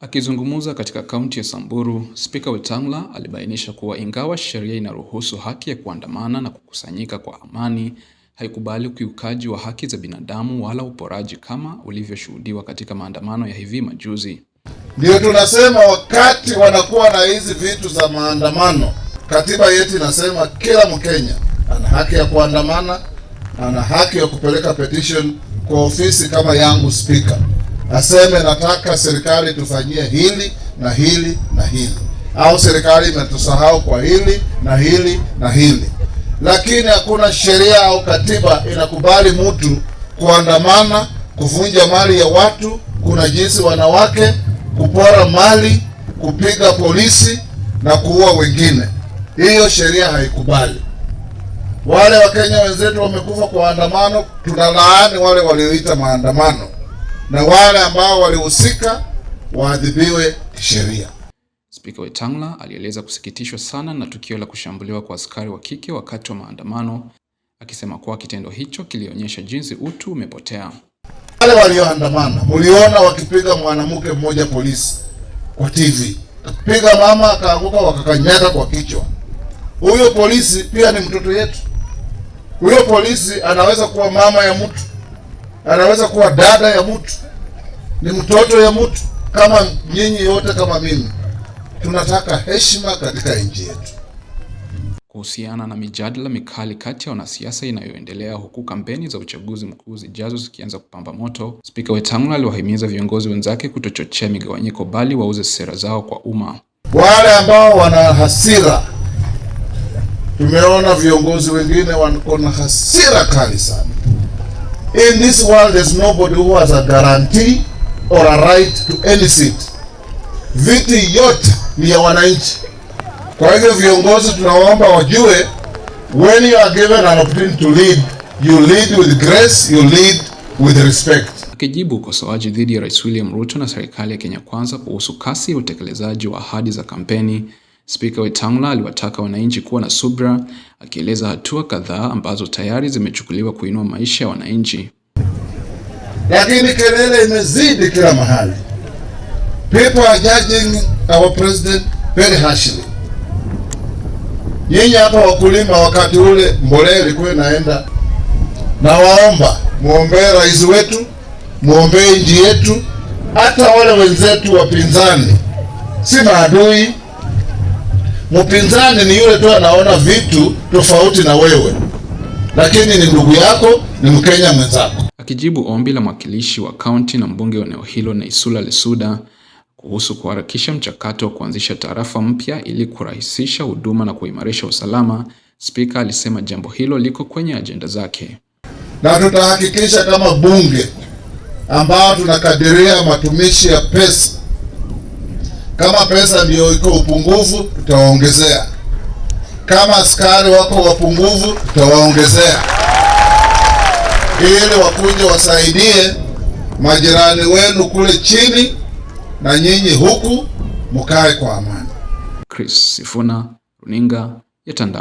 Akizungumza katika kaunti ya Samburu, Spika Wetang'ula alibainisha kuwa ingawa sheria inaruhusu haki ya kuandamana na kukusanyika kwa amani, haikubali ukiukaji wa haki za binadamu wala uporaji kama ulivyoshuhudiwa katika maandamano ya hivi majuzi. Ndio tunasema wakati wanakuwa na hizi vitu za maandamano, katiba yetu inasema kila Mkenya ana haki ya kuandamana, ana haki ya kupeleka petition kwa ofisi kama yangu spika aseme nataka serikali tufanyie hili na hili na hili, au serikali imetusahau kwa hili na hili na hili. Lakini hakuna sheria au katiba inakubali mtu kuandamana, kuvunja mali ya watu, kuna jinsi wanawake, kupora mali, kupiga polisi na kuua wengine. Hiyo sheria haikubali. Wale Wakenya wenzetu wamekufa kwa maandamano, tunalaani wale walioita maandamano na wale ambao walihusika waadhibiwe kisheria. Spika Wetang'ula alieleza kusikitishwa sana na tukio la kushambuliwa kwa askari wa kike wakati wa maandamano, akisema kuwa kitendo hicho kilionyesha jinsi utu umepotea. Wale walioandamana mliona wakipiga mwanamke mmoja polisi kwa TV, akipiga mama akaanguka, wakakanyaka kwa kichwa. Huyo polisi pia ni mtoto yetu. Huyo polisi anaweza kuwa mama ya mtu anaweza kuwa dada ya mtu, ni mtoto ya mtu kama nyinyi yote kama mimi. Tunataka heshima katika nchi yetu. Kuhusiana na mijadala mikali kati ya wanasiasa inayoendelea huku kampeni za uchaguzi mkuu zijazo zikianza kupamba moto, Spika Wetangula aliwahimiza viongozi wenzake kutochochea migawanyiko bali wauze sera zao kwa umma. Wale ambao wana hasira, tumeona viongozi wengine wako na hasira kali sana In this world, there's nobody who has a guarantee or a right to any seat. Viti yote ni ya wananchi. Kwa hivyo viongozi, tunaomba wajue, when you are given an opportunity to lead, you lead with grace, you lead with respect. Akijibu ukosoaji dhidi ya Rais William Ruto na serikali ya Kenya Kwanza kuhusu kasi ya utekelezaji wa ahadi za kampeni Spika Wetang'ula aliwataka wananchi kuwa na subira, akieleza hatua kadhaa ambazo tayari zimechukuliwa kuinua maisha ya wananchi. Lakini kelele imezidi kila mahali. People are judging our president very harshly. Nyinyi hapa wakulima, wakati ule mbolea ilikuwa inaenda, na waomba muombee rais wetu, mwombee nchi yetu, hata wale wenzetu wapinzani si maadui. Mpinzani ni yule tu anaona vitu tofauti na wewe, lakini ni ndugu yako, ni Mkenya mwenzako. Akijibu ombi la mwakilishi wa kaunti na mbunge wa eneo hilo Naisula Lesuda kuhusu kuharakisha mchakato wa kuanzisha tarafa mpya ili kurahisisha huduma na kuimarisha usalama, Spika alisema jambo hilo liko kwenye ajenda zake. Na tutahakikisha kama bunge ambao tunakadiria matumishi ya pesa kama pesa ndio iko upungufu, tutawaongezea. Kama askari wako wapungufu, tutawaongezea ili wakuje wasaidie majirani wenu kule chini na nyinyi huku, mkae kwa amani. Chris Sifuna, runinga ya Tandao.